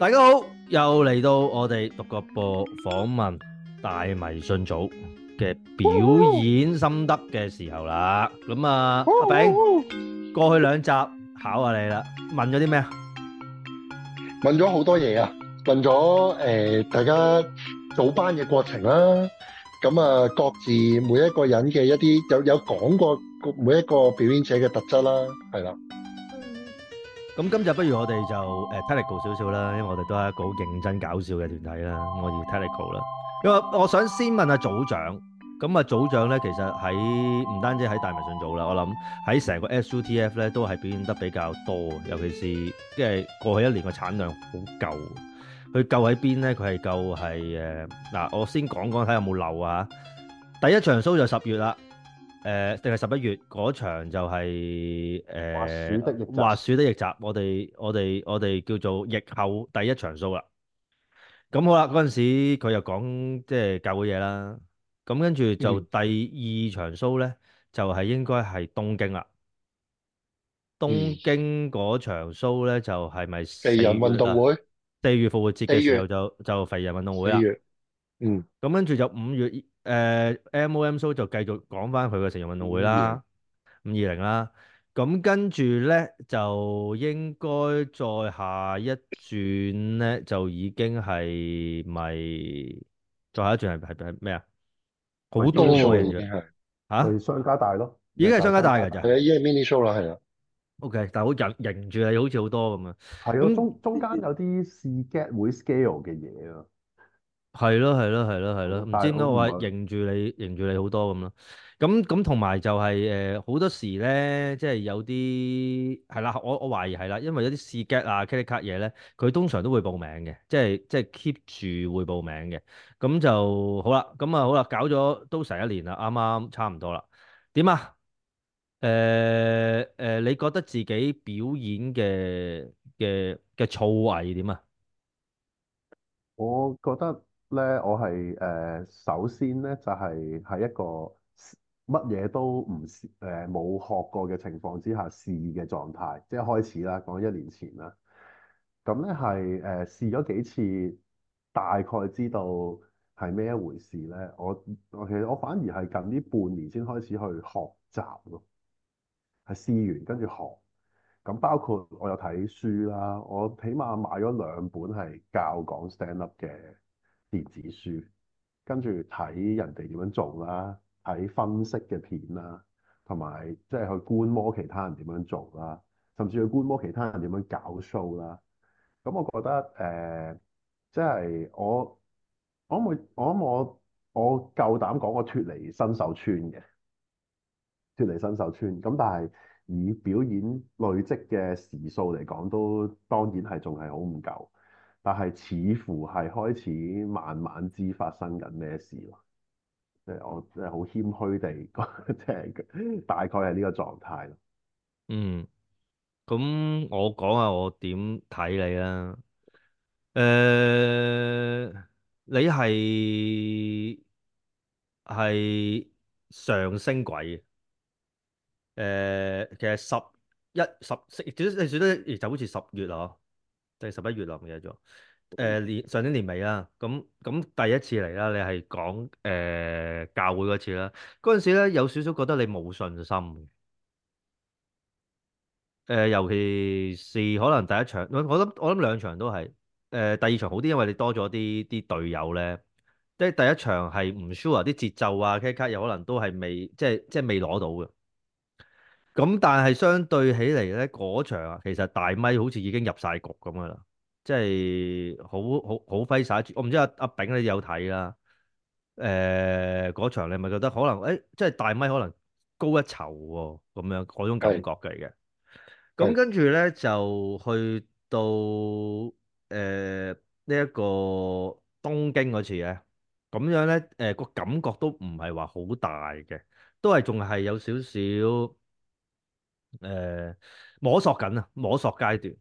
大家好，又嚟到我哋獨角播訪問大迷信組嘅表演心得嘅時候啦，咁啊，阿炳過去兩集考下你啦，問咗啲咩啊？問咗好多嘢啊，問咗誒，大家組班嘅過程啦，咁啊，各自每一個人嘅一啲有有講過每一個表演者嘅特質啦，係啦。咁今日不如我哋就誒 Technical 少少啦，因為我哋都係一個好認真搞笑嘅團體啦，我哋 Technical 啦。因為我想先問下組長，咁啊組長咧其實喺唔單止喺大迷信組啦，我諗喺成個 SUTF 咧都係表現得比較多，尤其是即係過去一年個產量好夠，佢夠喺邊咧？佢係夠係誒嗱，我先講講睇有冇漏啊。第一場 show 就十月啦。誒，定係十一月嗰場就係、是、誒、呃、滑雪的，的逆襲，我哋我哋我哋叫做疫後第一場 show 啦。咁好啦，嗰陣時佢又講即係舊嘅嘢啦。咁跟住就第二場 show 咧，嗯、就係應該係東京啦。東京嗰場 show 咧，就係、是、咪四人運動會？四月復活節嘅時候就月就肥人運動會啦。嗯，咁跟住就五月。誒、uh，MOM show 就繼續講翻佢嘅成人運動會啦，五二零啦，咁跟住咧就應該再下一轉咧，就已經係咪再下一轉係係咩啊？好多嘅係吓，係商家大咯，已經係商家大噶咋。已經係 Mini Show 啦，係啦，OK，但係好引引住你，好似好多咁啊，係的那中中間有啲事 get 會 scale 嘅嘢咯。係咯，係咯，係咯，係咯，唔知點解話認住你認住你好多咁咯。咁咁同埋就係誒，好多時咧，即係有啲係啦。我我懷疑係啦，因為有啲試鏡啊，cut 嘢咧，佢通常都會報名嘅，即係即係 keep 住會報名嘅。咁就好啦。咁啊好啦，搞咗都成一年啦，啱啱差唔多啦。點啊？誒誒，你覺得自己表演嘅嘅嘅造詣點啊？我覺得。咧，我係誒、呃、首先咧，就係、是、喺一個乜嘢都唔誒冇學過嘅情況之下試嘅狀態，即係開始啦，講一年前啦。咁咧係誒試咗幾次，大概知道係咩一回事咧。我我其實我反而係近呢半年先開始去學習咯，係試完跟住學。咁包括我有睇書啦，我起碼買咗兩本係教講 stand up 嘅。電子書，跟住睇人哋點樣做啦，睇分析嘅片啦，同埋即係去觀摩其他人點樣做啦，甚至去觀摩其他人點樣搞 show 啦、嗯。咁我覺得誒，即、呃、係、即係、我我冇我諗我我夠膽講我脱離新手村嘅，脱離新手村。咁、嗯、但係以表演累積嘅時數嚟講，都當然係仲係好唔夠。但係似乎係開始慢慢知發生緊咩事咯，即係我即係好謙虛地講，即係大概係呢個狀態咯。嗯，咁我講下我點睇你啦。誒，你係係上升鬼嘅。誒，其實十一、十、十，最多最多就好似十月咯。即係十一月量嘅嘢做，誒、嗯、年上年年尾啦，咁、嗯、咁、嗯、第一次嚟啦，你係講誒、呃、教會嗰次啦，嗰陣時咧有少少覺得你冇信心，誒、呃、尤其是可能第一場，我我諗我諗兩場都係，誒、呃、第二場好啲，因為你多咗啲啲隊友咧，即係第一場係唔 sure 啲節奏啊，key card 又可能都係未即係即係未攞到嘅。咁但係相對起嚟咧，嗰場啊，其實大咪好似已經入晒局咁嘅啦，即係好好好揮灑。我唔知阿阿炳你有睇啦，誒、呃、嗰場你咪覺得可能誒、欸，即係大咪可能高一籌喎、哦，咁樣嗰種感覺嚟嘅。咁的跟住咧就去到誒呢一個東京嗰次咧，咁樣咧誒個感覺都唔係話好大嘅，都係仲係有少少。誒、呃，摸索緊啊，摸索階段，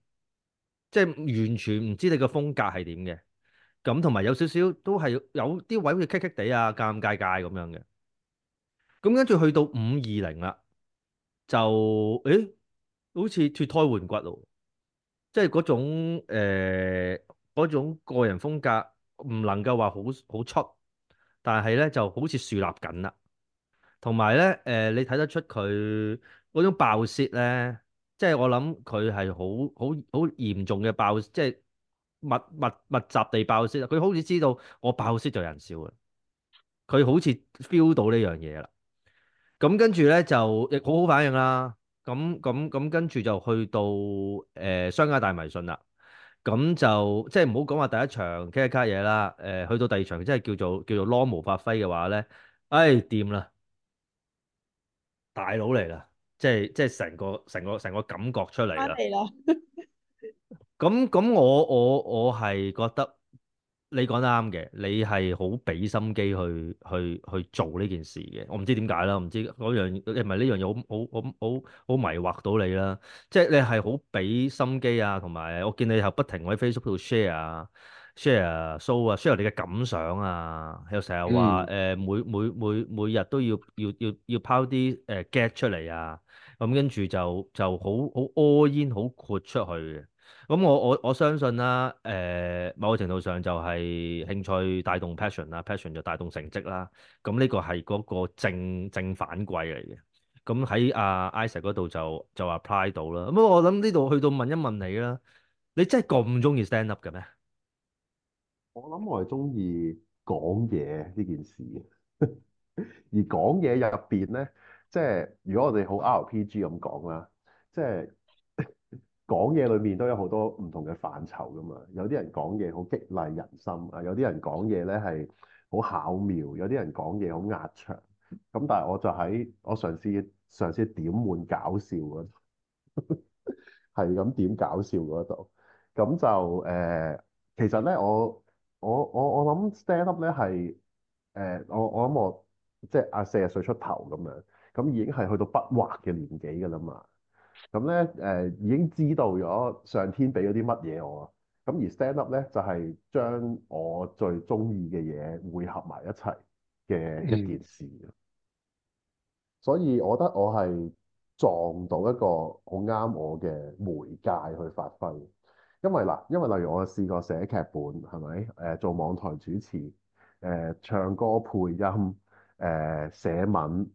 即係完全唔知你個風格係點嘅。咁同埋有少少都係有啲位會棘棘地啊，尷尬尬咁樣嘅。咁跟住去到五二零啦，就誒，好似脫胎換骨咯，即係嗰種誒，呃、嗰種個人風格唔能夠話好好出，但係咧就好似樹立緊啦。同埋咧，誒、呃，你睇得出佢。嗰種爆泄咧，即係我諗佢係好好好嚴重嘅爆，即係密密密集地爆泄啦。佢好似知道我爆泄就人少，啊，佢好似 feel 到呢樣嘢啦。咁跟住咧就亦好好反應啦。咁咁咁跟住就去到誒、呃、雙加大迷信啦。咁、嗯、就即係唔好講話第一場 K 一卡嘢啦，誒、呃、去到第二場，即係叫做叫做 normal 發揮嘅話咧，哎掂啦，大佬嚟啦！即係即係成個成個成個感覺出嚟啦。咁咁 我我我係覺得你講得啱嘅，你係好俾心機去去去做呢件事嘅。我唔知點解啦，唔知嗰樣誒唔係呢樣嘢好好好好好迷惑到你啦。即係你係好俾心機啊，同埋我見你又不停喺 Facebook 度 share 啊，share show 啊，share 你嘅感想啊，又成日話誒每每每每，每日都要要要要，要拋啲誒 get 出嚟啊。咁跟住就就好好屙煙好豁出去嘅。咁我我我相信啦、啊，誒、呃、某個程度上就係興趣帶動 passion 啦，passion 就帶動成績啦。咁呢個係嗰個正正反饋嚟嘅。咁喺阿 Isaac 嗰度就就 apply 到啦。咁我諗呢度去到問一問你啦，你真係咁中意 stand up 嘅咩？我諗我係中意講嘢呢件事， 而講嘢入邊咧。即係如果我哋好 RPG 咁講啦，即係講嘢裏面都有好多唔同嘅範疇噶嘛。有啲人講嘢好激勵人心啊，有啲人講嘢咧係好巧妙，有啲人講嘢好壓場。咁但係我就喺我嘗試嘗試點換搞笑嗰度，係 咁點搞笑嗰度。咁就誒、呃，其實咧我我我我諗 stand up 咧係誒，我我諗我即係啊四十歲出頭咁樣。咁已經係去到不惑嘅年紀㗎啦嘛。咁咧誒已經知道咗上天俾咗啲乜嘢我。咁而 stand up 咧就係、是、將我最中意嘅嘢匯合埋一齊嘅一件事。嗯、所以我覺得我係撞到一個好啱我嘅媒介去發揮。因為嗱，因為例如我試過寫劇本係咪？誒、呃、做網台主持，誒、呃、唱歌配音，誒、呃、寫文。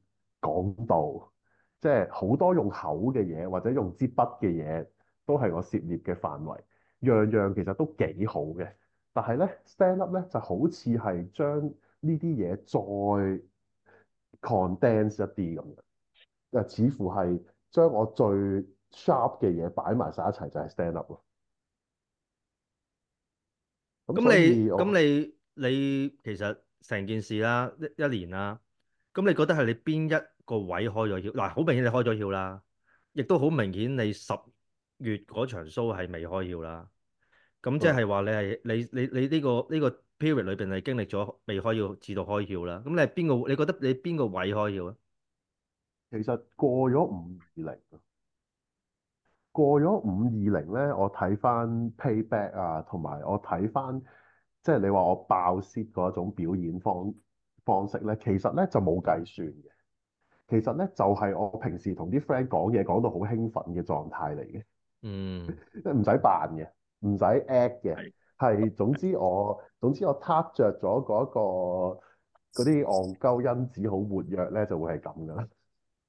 講到，即係好多用口嘅嘢，或者用支筆嘅嘢，都係我涉獵嘅範圍。樣樣其實都幾好嘅，但係咧 stand up 咧就好似係將呢啲嘢再 condense 一啲咁樣。誒，似乎係將我最 sharp 嘅嘢擺埋晒一齊，就係、是、stand up 咯。咁你咁我你你其實成件事啦、啊，一一年啦、啊，咁你覺得係你邊一？個位開咗票嗱，好明顯你開咗票啦，亦都好明顯你十月嗰場 show 係未開票啦。咁即係話你係你你你呢個呢個 period 裏邊係經歷咗未開票至到開票啦。咁你係邊個？你覺得你邊個位開票啊？其實過咗五二零，過咗五二零咧，我睇翻 payback 啊，同埋我睇翻即係你話我爆蝕嗰種表演方方式咧，其實咧就冇計算嘅。其實咧，就係我平時同啲 friend 講嘢講到好興奮嘅狀態嚟嘅，嗯，唔使扮嘅，唔使 act 嘅，係總之我的總之我踏著咗嗰個嗰啲戇鳩因子好活躍咧，就會係咁噶啦，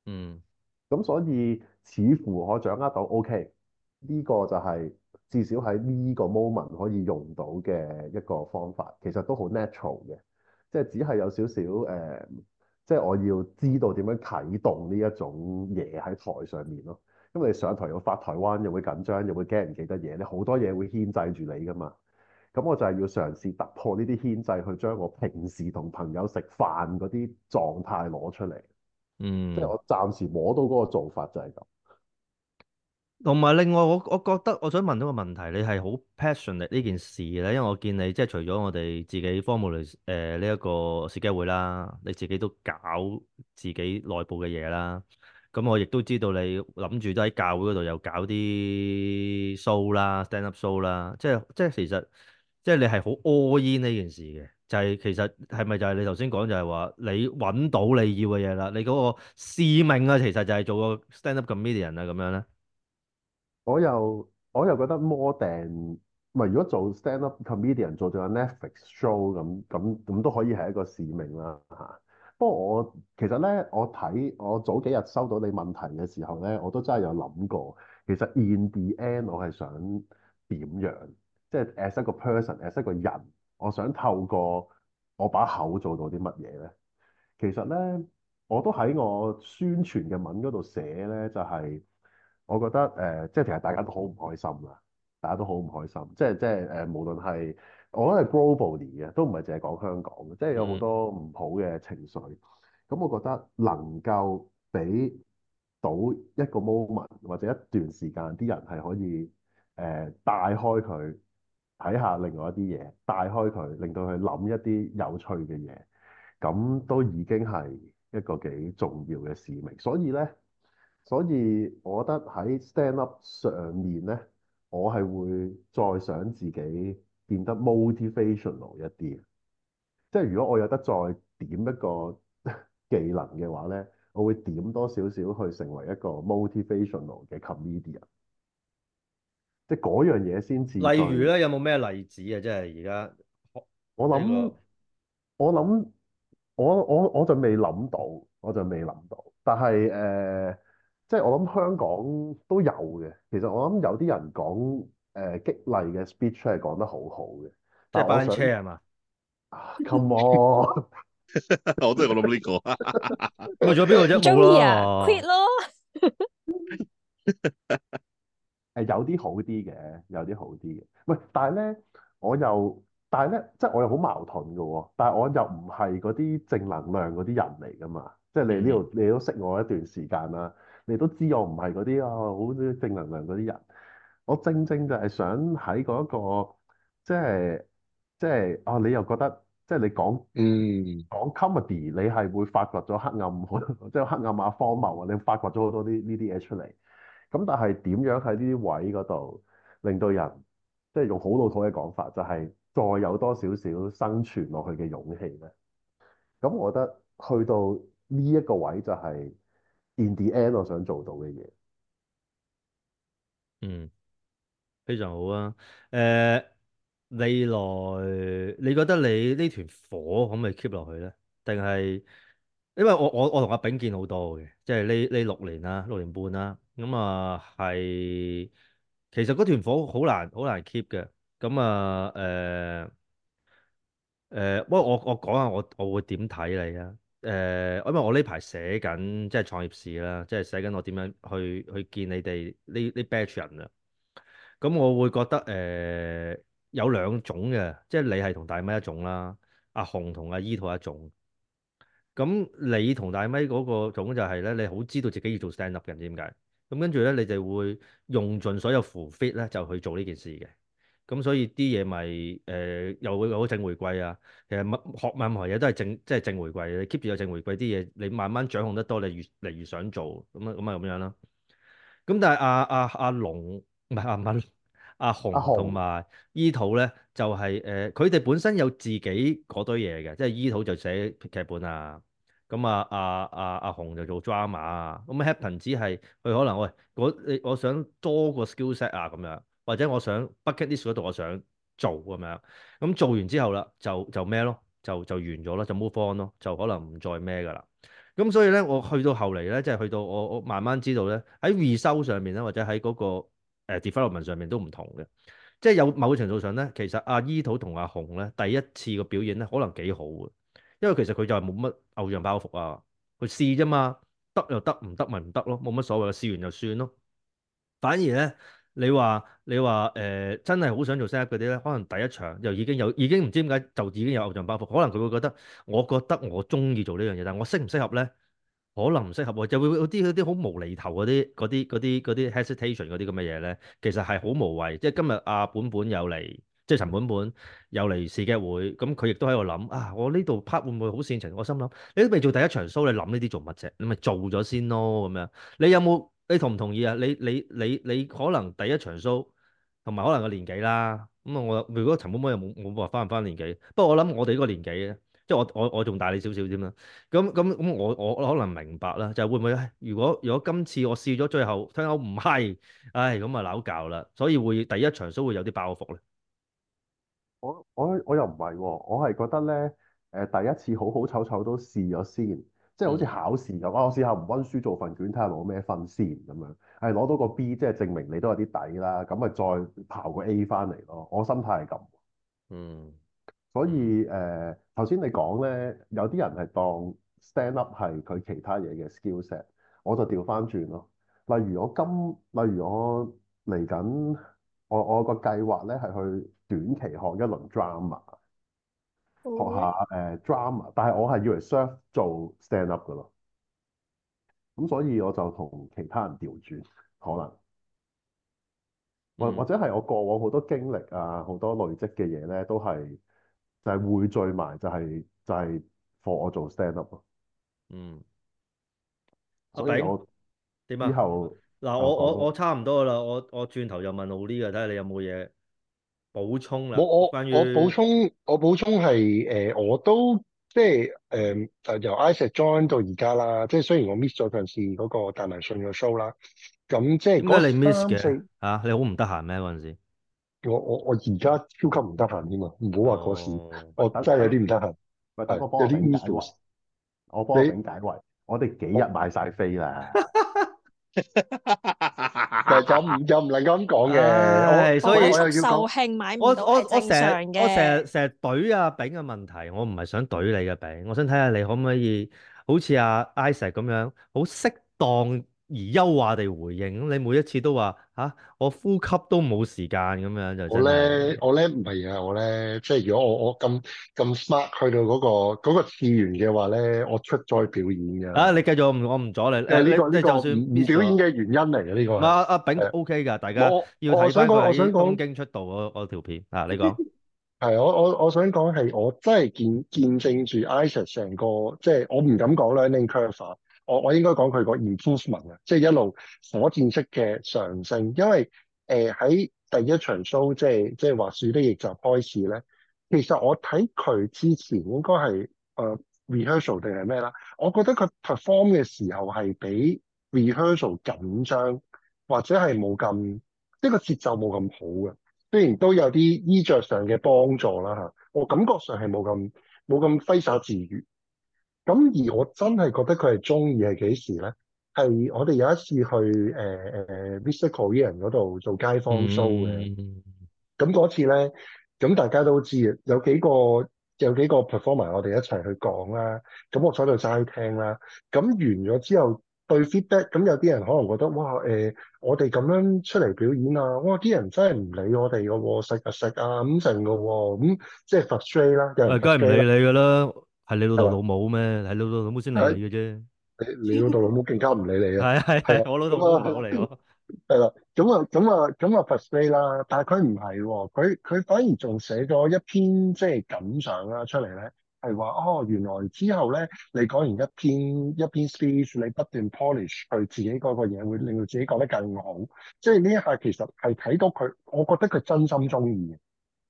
嗯，咁所以似乎我掌握到 OK 呢個就係至少喺呢個 moment 可以用到嘅一個方法，其實都好 natural 嘅，即係只係有少少誒。嗯嗯即係我要知道點樣啟動呢一種嘢喺台上面咯。因為你上台要發台灣，又會緊張，又會驚唔記得嘢，你好多嘢會牽制住你㗎嘛。咁我就係要嘗試突破呢啲牽制，去將我平時同朋友食飯嗰啲狀態攞出嚟。嗯，即係我暫時摸到嗰個做法就係咁。同埋另外，我我覺得我想問到個問題，你係好 passionate 呢件事咧，因為我見你即係除咗我哋自己 formula 誒、呃、呢一、呢個社交會啦，你自己都搞自己內部嘅嘢啦。咁我亦都知道你諗住都喺教會嗰度又搞啲 show 啦，stand up show 啦，即係即係其實即係你係好 all in 呢件事嘅，就係、係、其實係咪就係你頭先講就係話你搵到你要嘅嘢啦，你嗰個使命啊，其實就係做個 stand up comedian 啊咁樣咧。我又我又覺得 more 定唔係？如果做 stand up comedian，做咗 Netflix show 咁咁咁都可以係一個使命啦嚇。不過我其實咧，我睇我早幾日收到你問題嘅時候咧，我都真係有諗過。其實 in the end，我係想點樣？即係 as 一個 person，as 一個 person，人，我想透過我把口做到啲乜嘢咧？其實咧，我都喺我宣傳嘅文嗰度寫咧、就是，就係。我覺得誒、呃，即係其實大家都好唔開心啊，大家都好唔開心，即係即係誒、呃，無論係我覺得係 globally 嘅，都唔係淨係講香港嘅，即係有好多唔好嘅情緒。咁我覺得能夠俾到一個 moment 或者一段時間啲人係可以誒、呃、帶開佢睇下另外一啲嘢，帶開佢令到佢諗一啲有趣嘅嘢，咁都已經係一個幾重要嘅使命。所以咧。所以我覺得喺 stand up 上面咧，我係會再想自己變得 motivational 一啲。即係如果我有得再點一個技能嘅話咧，我會點多少少去成為一個 motivational 嘅 comedian 即係嗰樣嘢先至。例如咧，有冇咩例子啊？即係而家我諗 我諗我我我就未諗到，我就未諗到，但係誒。呃即係我諗香港都有嘅。其實我諗有啲人講誒、呃、激勵嘅 speech 係講得好好嘅，搭班車係嘛、啊、 ？Come on， 我都係我諗呢個啊。為咗邊個啫？中意啊？quit 咯誒，有啲好啲嘅，有啲好啲嘅。喂，但係咧，我又但係咧，即係我又好矛盾嘅。但係我又唔係嗰啲正能量嗰啲人嚟噶嘛。即係你呢度，你都識我一段時間啦。你都知我唔係嗰啲啊，好正能量嗰啲人。我正正就係想喺嗰一個，即係即係啊！你又覺得即係你講、嗯、講 comedy，你係會發掘咗黑暗，即係黑暗啊、荒謬啊！你發掘咗好多啲呢啲嘢出嚟。咁但係點樣喺呢啲位嗰度令到人，即係用好老土嘅講法，就係再有多少少生存落去嘅勇氣咧？咁我覺得去到呢一個位就係。In the end，我想做到嘅嘢，嗯，非常好啊。誒、呃，未來你覺得你呢團火可唔可以 keep 落去咧？定係因為我我我同阿炳見好多嘅，即係呢呢六年啦，六年半啦，咁啊，係、嗯、其實嗰團火好難好難 keep 嘅。咁、嗯、啊，誒、呃、誒，不過、呃、我我講下我我會點睇你啊！誒、呃，因為我呢排寫緊即係創業史啦，即係寫緊我點樣去去見你哋呢呢 batch 人啦。咁我會覺得誒、呃、有兩種嘅，即係你係同大咪一種啦，阿紅同阿姨同一種。咁你同大咪嗰個種就係、是、咧，你好知道自己要做 stand up 嘅，唔知點解。咁跟住咧，你就會用盡所有 full fit 咧，就去做呢件事嘅。咁、嗯、所以啲嘢咪誒又會好正回饋啊！其實乜學任何嘢都係正，即、就、係、是、正回饋。你 keep 住有正回饋啲嘢，你慢慢掌控得多，你越嚟越想做咁、嗯嗯、啊，咁啊咁樣啦。咁但係阿阿阿龍唔係阿敏、阿紅同埋伊土咧，就係誒佢哋本身有自己嗰堆嘢嘅，即係伊土就寫劇本啊，咁啊阿阿阿紅就做 drama 啊，咁 happen 只係佢可能喂，我、欸、我想多個 skillset 啊咁樣。或者我想 bucket list 度我想做咁樣，咁做完之後啦，就就咩咯，就就完咗啦，就 move on 咯，就可能唔再咩噶啦。咁所以咧，我去到後嚟咧，即係去到我我慢慢知道咧，喺 recoup 上面咧，或者喺嗰個誒 development 上面都唔同嘅。即係有某程度上咧，其實阿伊土同阿紅咧，第一次個表演咧可能幾好嘅，因為其實佢就係冇乜偶像包袱啊，佢試啫嘛，得又得，唔得咪唔得咯，冇乜所謂，試完就算咯。反而咧。你話你話誒、呃、真係好想做 set 嗰啲咧，可能第一場又已經有已經唔知點解就已經有偶像包袱，可能佢會覺得我覺得我中意做呢樣嘢，但係我適唔適合咧？可能唔適合喎、啊，就會有啲啲好無厘頭嗰啲嗰啲嗰啲啲 hesitation 嗰啲咁嘅嘢咧，其實係好無謂。即係今日阿、啊、本本又嚟，即係陳本本又嚟試鏡會，咁佢亦都喺度諗啊！我呢度 part 會唔會好煽情？我心諗你都未做第一場 show，你諗呢啲做乜啫？你咪做咗先咯咁樣。你有冇？你同唔同意啊？你你你你可能第一場 show 同埋可能個年紀啦。咁啊，我如果陳寶寶又冇冇話翻唔翻年紀。不過我諗我哋呢個年紀咧，即係我我我仲大你少少添啦。咁咁咁，我我，點點我，我可能明白啦，就係、是、會唔會如果如果今次我試咗最後聽口唔係，唉咁啊鬧教啦，所以會第一場 show 會有啲包袱咧。我我我又唔係喎，我係覺得咧，誒第一次好好醜醜都試咗先。即係好似考試咁，嗯啊，我試下唔溫書做份卷，睇下攞咩分先咁樣。係攞到個 B，即係證明你都有啲底啦。咁咪再刨個 A 翻嚟咯。我心態係咁。嗯。所以誒，頭、呃、先你講咧，有啲人係當 stand up 係佢其他嘢嘅 skillset，我就調翻轉咯。例如我今，例如我嚟緊，我我個計劃咧係去短期學一輪 drama 學下誒 drama，但係我係以為 self 做 stand up 噶咯，咁所以我就同其他人調轉可能，或、嗯、或者係我過往好多經歷啊，好多累積嘅嘢咧，都係就係匯聚埋，就係、係、就係、係就係、for 我做 stand up 咯。嗯，OK，點啊？嗱後、啊，我、啊、我我差唔多啦，我我轉頭又問 o 呢 l 睇下你有冇嘢。補充啦，我我我補充，我補充係誒，我都即係誒，由 Iset join 到而家啦，即係雖然我 miss 咗嗰陣時嗰個大迷信嘅 show 啦，咁即係點解你 miss 嘅？吓，你好唔得閒咩嗰陣時？我我我而家超級唔得閒添嘛，唔好話嗰時，我真係有啲唔得閒，有啲 b u 我幫你解圍？我哋幾日買晒飛啦。又唔又唔能夠咁講嘅，麼樣所以壽慶買唔到係正常嘅。我成日成日懟阿炳嘅問題，我唔係想懟你嘅餅，我想睇下你可唔可以好似阿 Isaac 咁樣，好適當。而優化地回應，你每一次都話吓、啊，我呼吸都冇時間咁樣就真係我咧，我咧唔係啊，我咧，即係如果我我咁咁 smart 去到嗰個個次元嘅話咧，我出再、啊、表演嘅、這個。啊，你繼續，我我唔阻你。誒，呢個就算唔表演嘅原因嚟嘅呢個。阿阿炳 OK 噶，大家要睇翻佢喺東京出道嗰嗰條片啊。你講係我我我想講係我真係見見證住 Isaac 成個，即、就、係、是、我唔敢講咧，learning curve 翻。我我應該講佢個 improvement 啊，即係一路火箭式嘅上升。因為誒喺第一場 show，即係即係滑雪的亦就開始咧。其實我睇佢之前應該係誒 rehearsal 定係咩啦？我覺得佢 perform 嘅時候係比 rehearsal 緊張，或者係冇咁呢個節奏冇咁好嘅。雖然都有啲衣着上嘅幫助啦嚇，我感覺上係冇咁冇咁揮灑自如。咁而我真係覺得佢係中意係幾時咧？係我哋有一次去誒誒 Mystical 人嗰度做街坊 show 嘅，咁嗰、嗯嗯、次咧，咁大家都知有幾個有幾個 performer 我哋一齊去講啦，咁我坐喺度齋聽啦，咁完咗之後對 feedback，咁有啲人可能覺得哇誒、呃，我哋咁樣出嚟表演啊，哇啲人真係唔理我哋個喎，食啊食啊咁成個喎，咁即係 frustrate 啦，又梗係唔理你噶啦。係你老豆老母咩？係你老豆老母先嚟嘅啫。嗯、你老豆老母更加唔理你啊 的！係係係，我老豆老母嚟個。係啦， 咁啊咁啊咁啊 f 啦、啊啊。但係佢唔係，佢佢反而仲寫咗一篇即係感想啦出嚟咧，係話哦，原來之後咧，你講完一篇一篇 speech，你不斷 polish 佢自己嗰個嘢，會令到自己講得更好。即係呢一下，其實係睇到佢，我覺得佢真心中意。誒、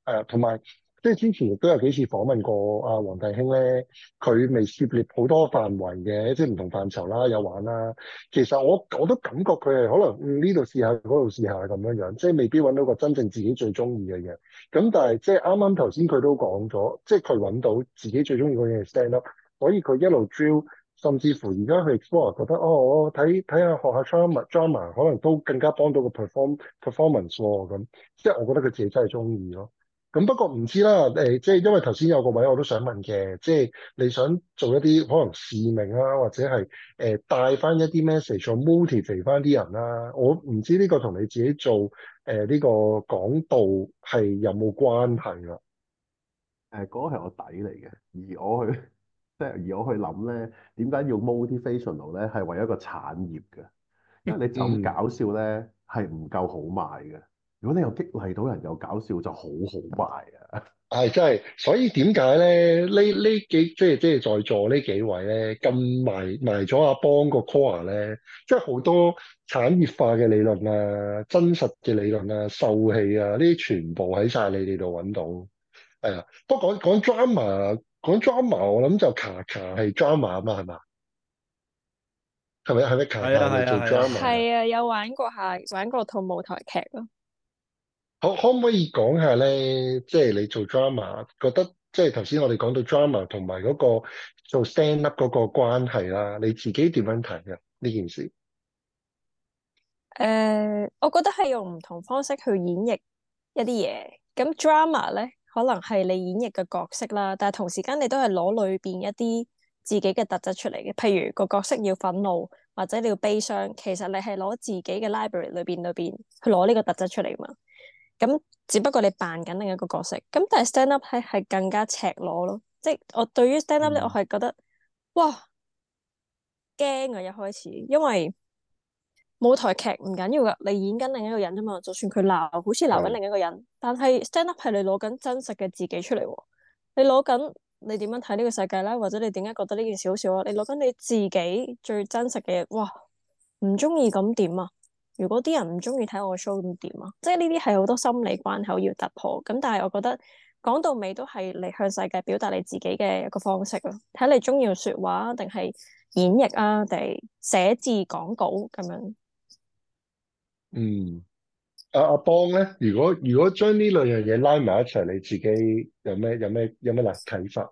呃，同埋。即係之前亦都有幾次訪問過阿、啊、黃大興咧，佢未涉獵好多範圍嘅，即係唔同範疇啦，有玩啦。其實我我都感覺佢係可能呢度、嗯、試下，嗰度試下咁樣樣，即係未必揾到個真正自己最中意嘅嘢。咁但係即係啱啱頭先佢都講咗，即係佢揾到自己最中意嗰嘢，Stand Up。所以佢一路 drill 甚至乎而家去 Explore，覺得哦，我睇睇下學下 drummer drummer 可能都更加幫到個 perform performance 喎。咁即係我覺得佢自己真係中意咯。咁不過唔知啦，誒，即係因為頭先有個位我都想問嘅，即係你想做一啲可能使命啊，或者係誒帶翻一啲 message，去 motivate 翻啲人啦。我唔知呢個同你自己做誒呢、呃呢個講道係有冇關係啦。誒、呃，嗰、嗰個係我底嚟嘅，而我去即係 而我去諗咧，點解要 motivation 路咧係為一個產業嘅？因為你就搞笑咧係唔夠好賣嘅。如果你又激勵到人又搞笑，就好好壞啊！係，真係，所以點解咧？呢呢幾即係即係在座呢幾位咧，咁埋埋咗阿邦個 core 咧，即係好多產業化嘅理論啊、真實嘅理論啊、受氣啊，呢啲全部喺晒你哋度揾到。係啊，不過講講 drama，講 drama，我諗就卡卡係 drama 啊嘛，係嘛？係咪係咪卡卡？係啊係啊係啊！係啊，啊啊有玩過下，玩過套舞台劇咯。可唔可以講下咧？即係你做 drama，覺得即係頭先我哋講到 drama 同埋嗰個做 stand up 嗰個關係啦。你自己點樣睇嘅呢件事？誒、呃，我覺得係用唔同方式去演繹一啲嘢。咁 drama 咧，可能係你演繹嘅角色啦，但係同時間你都係攞裏邊一啲自己嘅特質出嚟嘅。譬如個角色要憤怒或者你要悲傷，其實你係攞自己嘅 library 裏邊裏邊去攞呢個特質出嚟嘛。咁只不過你扮緊另一個角色，咁但係 stand up 係係更加赤裸咯，即係我對於 stand up 咧、嗯，我係覺得哇驚啊一開始，因為舞台劇唔緊要噶，你演緊另一個人咋嘛，就算佢鬧，好似鬧緊另一個人，嗯、但係 stand up 係你攞緊真實嘅自己出嚟，你攞緊你點樣睇呢個世界啦，或者你點解覺得呢件事好笑啊，你攞緊你自己最真實嘅嘢，哇唔中意咁點啊？.如果啲人唔中意睇我嘅 show，咁點啊？即係呢啲係好多心理關口要突破。咁但係我覺得講到尾都係嚟向世界表達你自己嘅一個方式咯。睇你中意說話定係演繹，嗯、啊，定係寫字講稿咁樣。嗯，阿阿邦咧，如果如果將呢兩樣嘢拉埋一齊，你自己有咩有咩有咩啟發？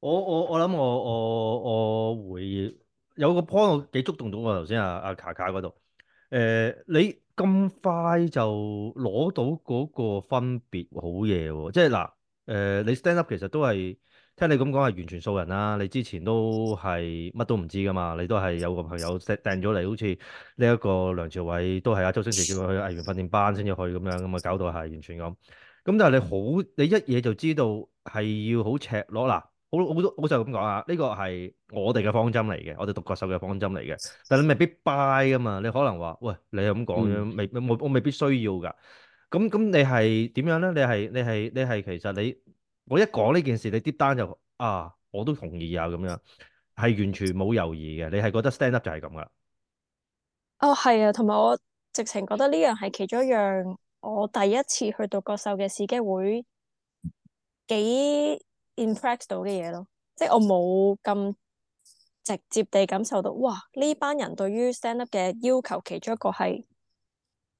我我我諗我我會我回有個 point 我幾觸動到我頭先啊，啊卡卡嗰度。誒、呃、你咁快就攞到嗰個分別好嘢喎，即係嗱，誒你 stand up 其實都係聽你咁講係完全素人啦、啊。你之前都係乜都唔知㗎嘛，你都係有個朋友 set 訂咗嚟，好似呢一個梁朝偉都係阿周星馳叫佢去藝員訓練班先至去咁樣咁啊，搞到係完全咁。咁但係你好你一嘢就知道係要好赤裸喇。我我我都我就係咁講啊！呢個係我哋嘅方針嚟嘅，我哋獨角獸嘅方針嚟嘅。但你未必 buy 噶嘛？你可能話：喂，你咁講，未我我未必需要噶。咁咁，你係點樣咧？你係你係你係，其實你我一講呢件事，你啲單就啊，我都同意啊，咁樣係完全冇猶豫嘅。你係覺得 stand up 就係咁噶啦。哦，係啊，同埋我直情覺得呢樣係其中一樣，我第一次去獨角獸嘅時機會幾。impress 到嘅嘢咯，即係我冇咁直接地感受到，哇！呢班人對於 stand up 嘅要求，其中一個係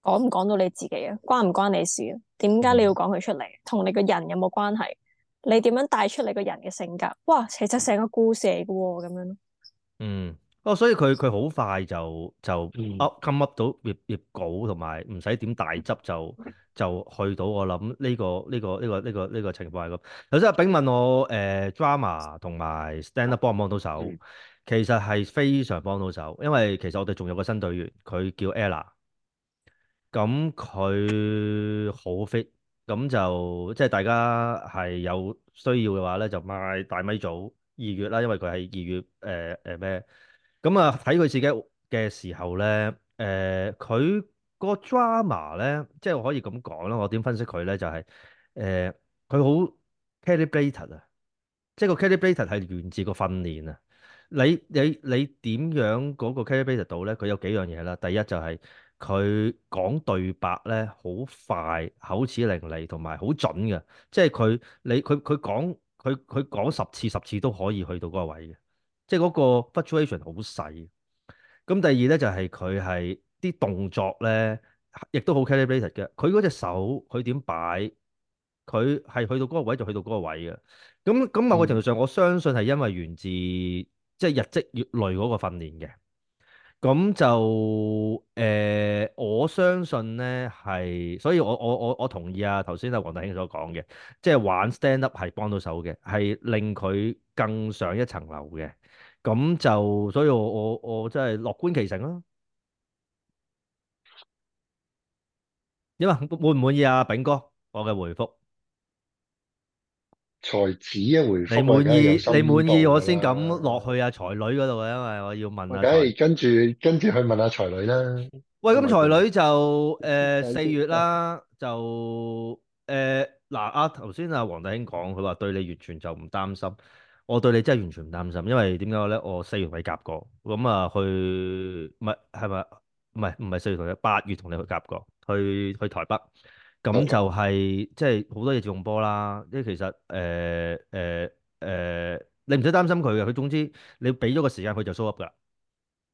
講唔講到你自己啊？關唔關你事啊？點解你要講佢出嚟？同你個人有冇關係？你點樣帶出你個人嘅性格？哇！其實成個故事嚟嘅喎，咁樣咯。樣嗯。哦，所以佢佢好快就就 up，come up 到頁頁稿同埋唔使點大執就就去到。我諗呢個呢個呢個呢個呢個情況係咁。頭先阿炳問我誒、呃，drama 同埋 stand up 幫唔幫到手？其實係非常幫到手，因為其實我哋仲有個新隊員，佢叫 Ella，咁佢好 fit，咁就即係大家係有需要嘅話咧，就買大米組二月啦，因為佢係二月誒誒咩？呃呃呃咁啊，睇佢自己嘅時候咧，誒、呃，佢個 drama 咧，即係我可以咁講啦。我點分析佢咧，就係、是、誒，佢好 calibrated 啊，cal rated，即係個 calibrated 係源自個訓練啊。你你你點樣嗰個 calibrated 到咧？佢有幾樣嘢啦。第一就係佢講對白咧，好快，口齒伶俐，同埋好準嘅，即係佢你佢佢講佢佢講十次十次都可以去到嗰個位嘅。即係嗰個 fluctuation 好細，咁第二咧就係佢係啲動作咧，亦都好 calibrated 嘅。佢嗰隻手佢點擺，佢係去到嗰個位就去到嗰個位嘅。咁咁某個程度上我、呃，我相信係因為源自即係日積月累嗰個訓練嘅。咁就誒，我相信咧係，所以我我我我同意啊。頭先阿黃大興所講嘅，即係玩 stand up 係幫到手嘅，係令佢更上一層樓嘅。咁就，所以我我我真係樂觀其成啦。點啊，滿唔滿意啊，炳哥，我嘅回覆？才子嘅、啊、回覆。你滿意，你滿意，我先敢落去啊，才女嗰度啊，因為我要問下、啊然女。跟住跟住去問下、啊、才女啦。喂，咁才女就誒四、呃、月啦，就誒嗱啊，頭先阿黃大兄講，佢話對你完全就唔擔心。我對你真係完全唔擔心，因為點解咧？我四月份同你夾過，咁、嗯、啊去，唔係係咪？唔係唔係四月同你，八月同你去夾過，去去台北，咁就係、是、Okay. 即係好多嘢自動波啦。即係其實誒誒誒，你唔使擔心佢嘅，佢總之你俾咗個時間佢就 show up 㗎，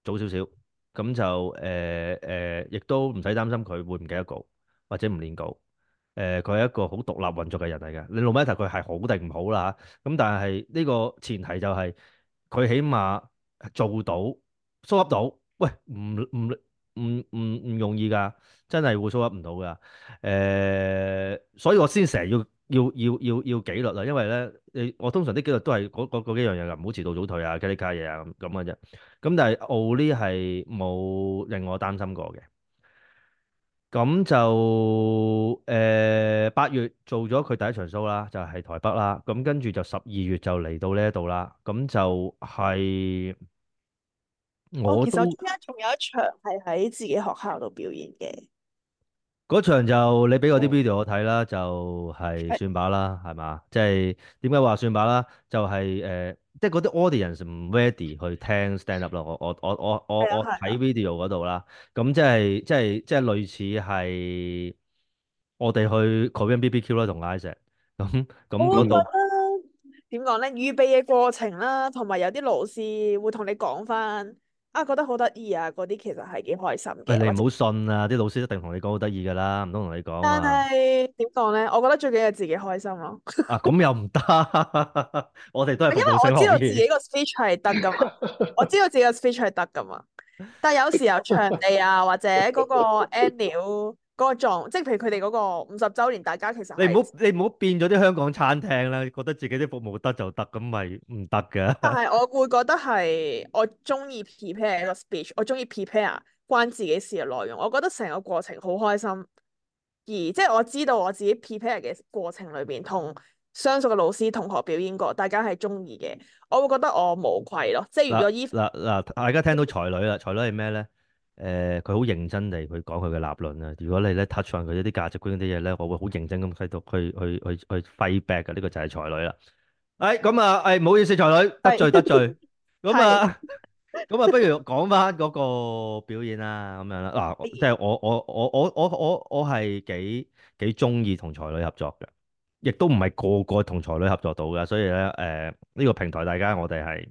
早少少，咁就誒誒、呃呃，亦都唔使擔心佢會唔記得稿或者唔練稿。誒佢係一個好獨立運作嘅人嚟㗎，你老米睇佢係好定唔好啦嚇，咁但係呢個前提就係佢起碼做到 show up 到，喂唔唔唔唔唔容易㗎，真係會 show up 唔到㗎。誒，所以我先成日要要要要要紀律啦，因為咧，你我通常啲紀律都係嗰嗰嗰幾樣嘢，唔好遲到早退啊，加啲加嘢啊咁嘅啫。咁但係奧利係冇令我擔心過嘅。咁就誒八、呃、月做咗佢第一場 show 啦，就係、是、台北啦。咁跟住就十二月就嚟到呢一度啦。咁就係、是、我、哦、其實中間仲有一場係喺自己學校度表演嘅。嗰場就你俾我啲 video 我睇啦，哦，就係、是、算把啦，係嘛？即係點解話算把啦？就係、是、誒，即係嗰啲 audience 唔 ready 去聽 stand up 咯。我我我我的我我睇 video 嗰度啦。咁即係即係即係類似係我哋去 cooking BBQ 啦，同 Iset。咁咁度點講咧？預備嘅過程啦，啊，同埋有啲老師會同你講翻。啊，覺得好得意啊，嗰啲其實係幾開心嘅。你唔好信啊，啲者老師一定同你講好得意噶啦，唔通同你講，啊。但係點講咧？我覺得最緊要自己開心咯。啊，咁又唔得，啊、 我哋都係。因為我知道自己個 speech 係得噶嘛， 我知道自己個 speech 係得噶嘛， 但係有時候場地啊或者嗰個 annual。嗰個狀，即係譬如佢哋嗰個五十週年，大家其實你唔好，你唔好變咗啲香港餐廳啦，覺得自己啲服務得就得，咁咪唔得嘅。 但係我會覺得係我中意 prepare 一個 speech，我中意 prepare 關自己事嘅內容，我覺得成個過程好開心。而即係我知道我自己 prepare 嘅過程裏邊，同相熟嘅老師同學表演過，大家係中意嘅。我會覺得我無愧咯，即係如果衣嗱嗱，大家聽到才女啦，才女係咩咧？誒，佢好、呃、認真地去講佢嘅立論啊！如果你咧 touch 上佢一啲價值觀啲嘢咧，我會好認真咁批到，去去去去 fight back 嘅呢個就係才女啦。誒、哎，咁啊，誒、哎，唔好意思，才女得罪得罪。咁啊， 咁啊，不如講翻嗰個表演啊，咁樣啦。嗱，即係我我我我我我我係幾幾中意同才女合作嘅，亦都唔係個個同才女合作到嘅，所以咧，誒、呃，呢、這個平台大家我哋係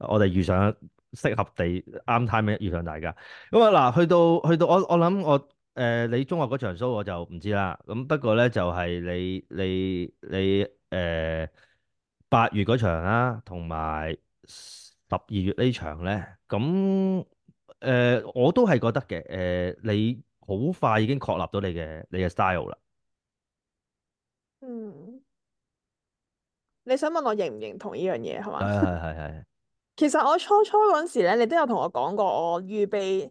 我哋遇上。適合地啱 time 嘅遇上大家，咁、嗯、啊嗱，去到去到，我我諗我誒、呃，你中學嗰場 show 我就唔知啦，咁不過咧就係、是、你你你誒八、呃、月嗰場啦、啊，同埋十二月場呢場咧，咁、嗯、誒、呃、我都係覺得嘅，誒、呃、你好快已經確立到你嘅你嘅 style 啦。嗯，你想問我認唔認同呢樣嘢係嘛？係係係。 哎其實我初初嗰陣時咧，你都有同我講過我預，我預備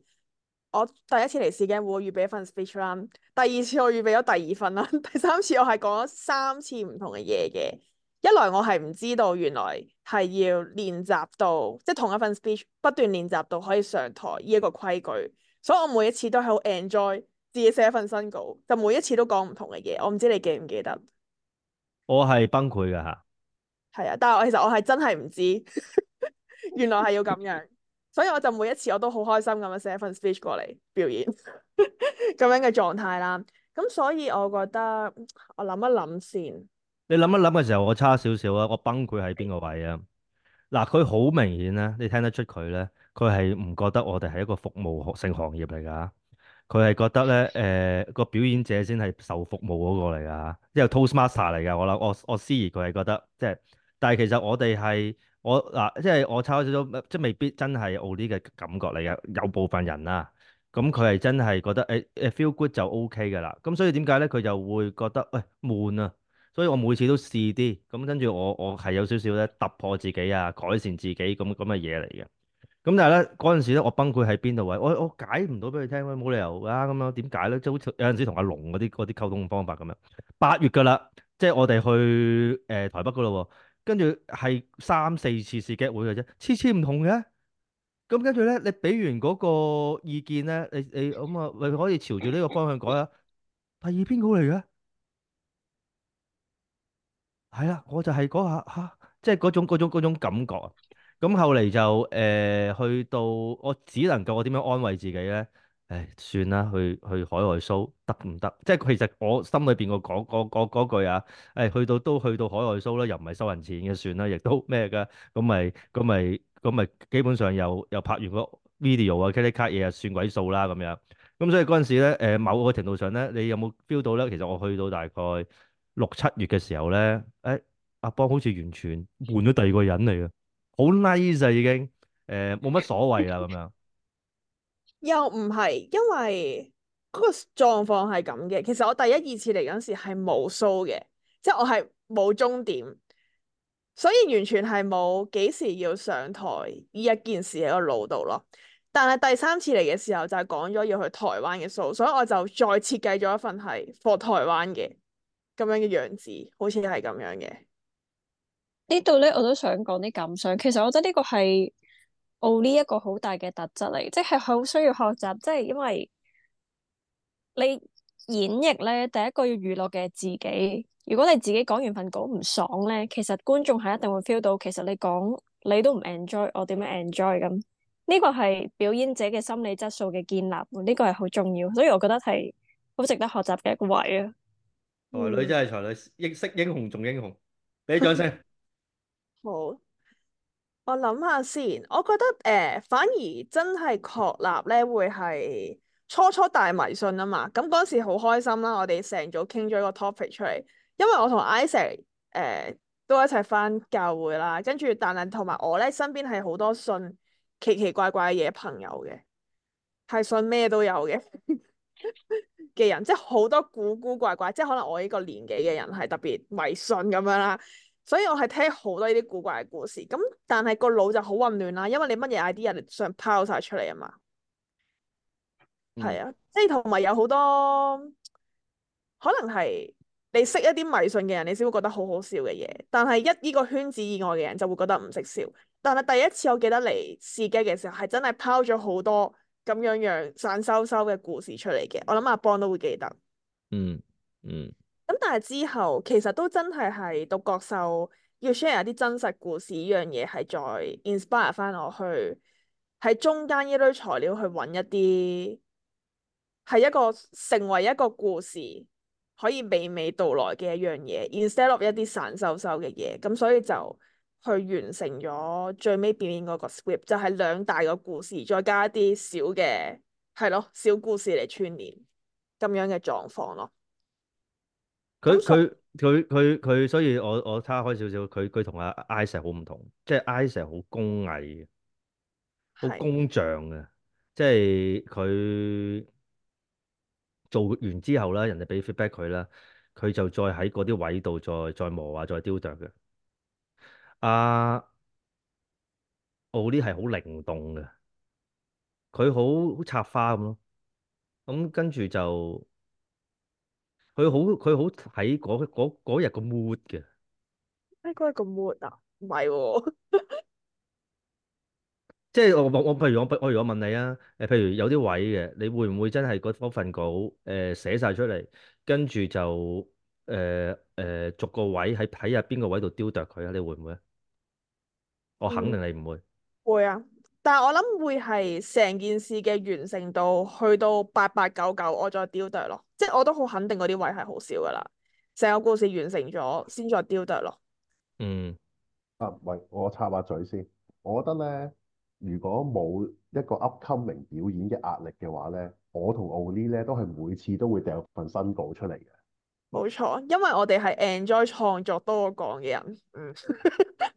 我第一次嚟試鏡會，我預備一份 speech 啦。第二次我預備咗第二份啦，第三次我係講咗三次唔同嘅嘢嘅。一來我係唔知道原來係要練習到即係、就是、同一份 speech 不斷練習到可以上台呢一個規矩，所以我每一次都係好 enjoy 自己寫一份新稿，就每一次都講唔同嘅嘢。我唔知你記唔記得？我係崩潰噶吓。係啊，但係我其實我係真係唔知。 原來係要咁樣，所以我就每一次我都好開心咁樣寫份 speech 過嚟表演咁 樣嘅狀態啦。咁所以我覺得我諗一諗先。你諗一諗嘅時候，我差少少啊，我崩潰喺邊個位啊？嗱，佢好明顯咧，你聽得出佢咧，佢係唔覺得我哋係一個服務性行業嚟噶。佢係覺得咧，誒、呃那個表演者先係受服務嗰個嚟噶，即係 Toastmaster 嚟噶。我諗我我司儀佢係覺得，即係，但係其實我哋係。我嗱、啊，即係我炒少少，即係未必真係奧迪嘅感覺嚟嘅。有部分人啦、啊，咁佢係真係覺得誒誒、欸、feel good 就 OK 嘅啦。咁所以點解咧？佢就會覺得喂、欸、悶啊。所以我每次都試啲，咁跟住我我係有少少咧突破自己啊，改善自己咁咁嘅嘢嚟嘅。咁但係咧嗰陣時咧，我崩潰喺邊度位？我我解唔到俾佢聽咯，冇理由㗎咁啊？點解咧？即好似有陣時同阿龍嗰啲啲溝通方法咁樣。八月㗎啦，即係我哋去誒、呃、台北㗎咯、啊跟住係三四次試劇會嘅啫，次次唔同嘅。咁跟住咧，你俾完嗰個意見咧，你你咁啊，你你可以朝住呢個方向改啦。第二邊個嚟嘅？係啦、啊，我就係嗰下吓、啊，即係嗰種嗰種嗰種感覺啊。咁、嗯、後嚟就誒、呃，去到我只能夠我點樣安慰自己咧？誒，算啦，去去海外 show 得唔得？即係其實我心裏邊個嗰句啊，誒，去到都去到海外 show 啦，又唔係收人錢嘅，算啦，亦都咩噶，咁咪咁咪咁咪，基本上又又拍完個 video 啊，credit 卡嘢啊，算鬼數啦咁樣。咁所以嗰陣時咧，誒，某個程度上咧，你有冇 feel 到咧？其實我去到大概六七月嘅時候咧，誒，阿邦好似完全換咗第二個人嚟嘅，好 nice 啊，已經，誒、呃，冇乜所謂啦，咁樣。 又唔係，因為嗰個狀況係咁嘅。其實我第一、二次嚟嗰時係冇 show 嘅，即係我係冇終點，所以完全係冇幾時要上台呢一件事喺個腦度咯。但係第三次嚟嘅時候就係講咗要去台灣嘅 show，所以我就再設計咗一份係 for 台灣嘅咁樣嘅樣子，好似係咁樣嘅。呢度咧我都想講啲感想，其實我覺得呢個係，冇呢一個好大嘅特質嚟，即係好需要學習，即係因為你演繹咧，第一個要娛樂嘅自己。如果你自己講完份稿唔爽咧，其實觀眾係一定會 feel 到，其實你講你都唔 enjoy，我點樣 enjoy 咁？呢個係表演者嘅心理質素嘅建立，呢個係好重要，所以我覺得係好值得學習嘅一個位啊！財女真係才女，英識英雄仲英雄，俾掌聲。好。 我諗下先，我覺得誒、呃，反而真係確立咧會係初初大迷信啊嘛。咁、嗯、嗰時好開心啦，我哋成組傾咗一個 topic 出嚟。因為我同 Isa、呃、誒都一齊翻教會啦，跟住但係同埋我咧身邊係好多信奇奇怪怪嘅嘢朋友嘅，係信咩都有嘅嘅 人，即係好多古古怪怪，即係可能我呢個年紀嘅人係特別迷信咁樣啦。所以我係聽好多呢啲古怪嘅故事，咁但係個腦就好混亂啦，因為你乜嘢 idea 人想拋晒出嚟啊嘛，係啊、嗯，即係同埋有好多可能係你識一啲迷信嘅人，你先會覺得好好笑嘅嘢，但係一呢個圈子以外嘅人就會覺得唔識笑。但係第一次我記得嚟試機嘅時候，係真係拋咗好多咁樣樣樣散修修嘅故事出嚟嘅，我諗阿邦都會記得。嗯嗯。嗯咁但係之後，其實都真係係獨角獸要 share 一啲真實故事呢樣嘢，係再 inspire 翻我去喺中間呢堆材料去揾一啲係一個成為一個故事可以娓娓道來嘅一樣嘢，instead of 一啲散修修嘅嘢。咁所以就去完成咗最尾變咗個 script，就係兩大個故事，再加一啲小嘅係咯小故事嚟串聯咁樣嘅狀況咯。佢佢佢佢佢，所以我我差開少少，佢佢同阿 Isa 好唔同，即係 Isa 好工藝嘅，好工匠嘅，的即係佢做完之後啦，人哋俾 feedback 佢啦，佢就再喺嗰啲位度再再磨啊，再雕琢嘅。阿 Oli 係好靈動嘅，佢好插花咁咯，咁、嗯、跟住就。佢好佢好睇嗰日個 mood 嘅，誒嗰、欸、日個 mood 啊，唔係喎，即係我我譬如我我如果問你啊，誒，譬如有啲位嘅，你會唔會真係嗰嗰份稿誒、呃、寫晒出嚟，跟住就誒誒、呃呃、逐個位喺睇下邊個位度雕琢佢啊？你會唔會啊？我肯定你唔會，嗯。會啊。但係我諗會係成件事嘅完成度去到八八九九，我再雕琢咯。即係我都好肯定嗰啲位係好少噶啦。成個故事完成咗先再雕琢咯。嗯，啊唔係，我插下嘴先。我覺得咧，如果冇一個 upcoming 表演嘅壓力嘅話咧，我同 Ollie 咧都係每次都會掉份新稿出嚟嘅。冇、嗯、錯，因為我哋係 enjoy 創作多過講嘅人。嗯。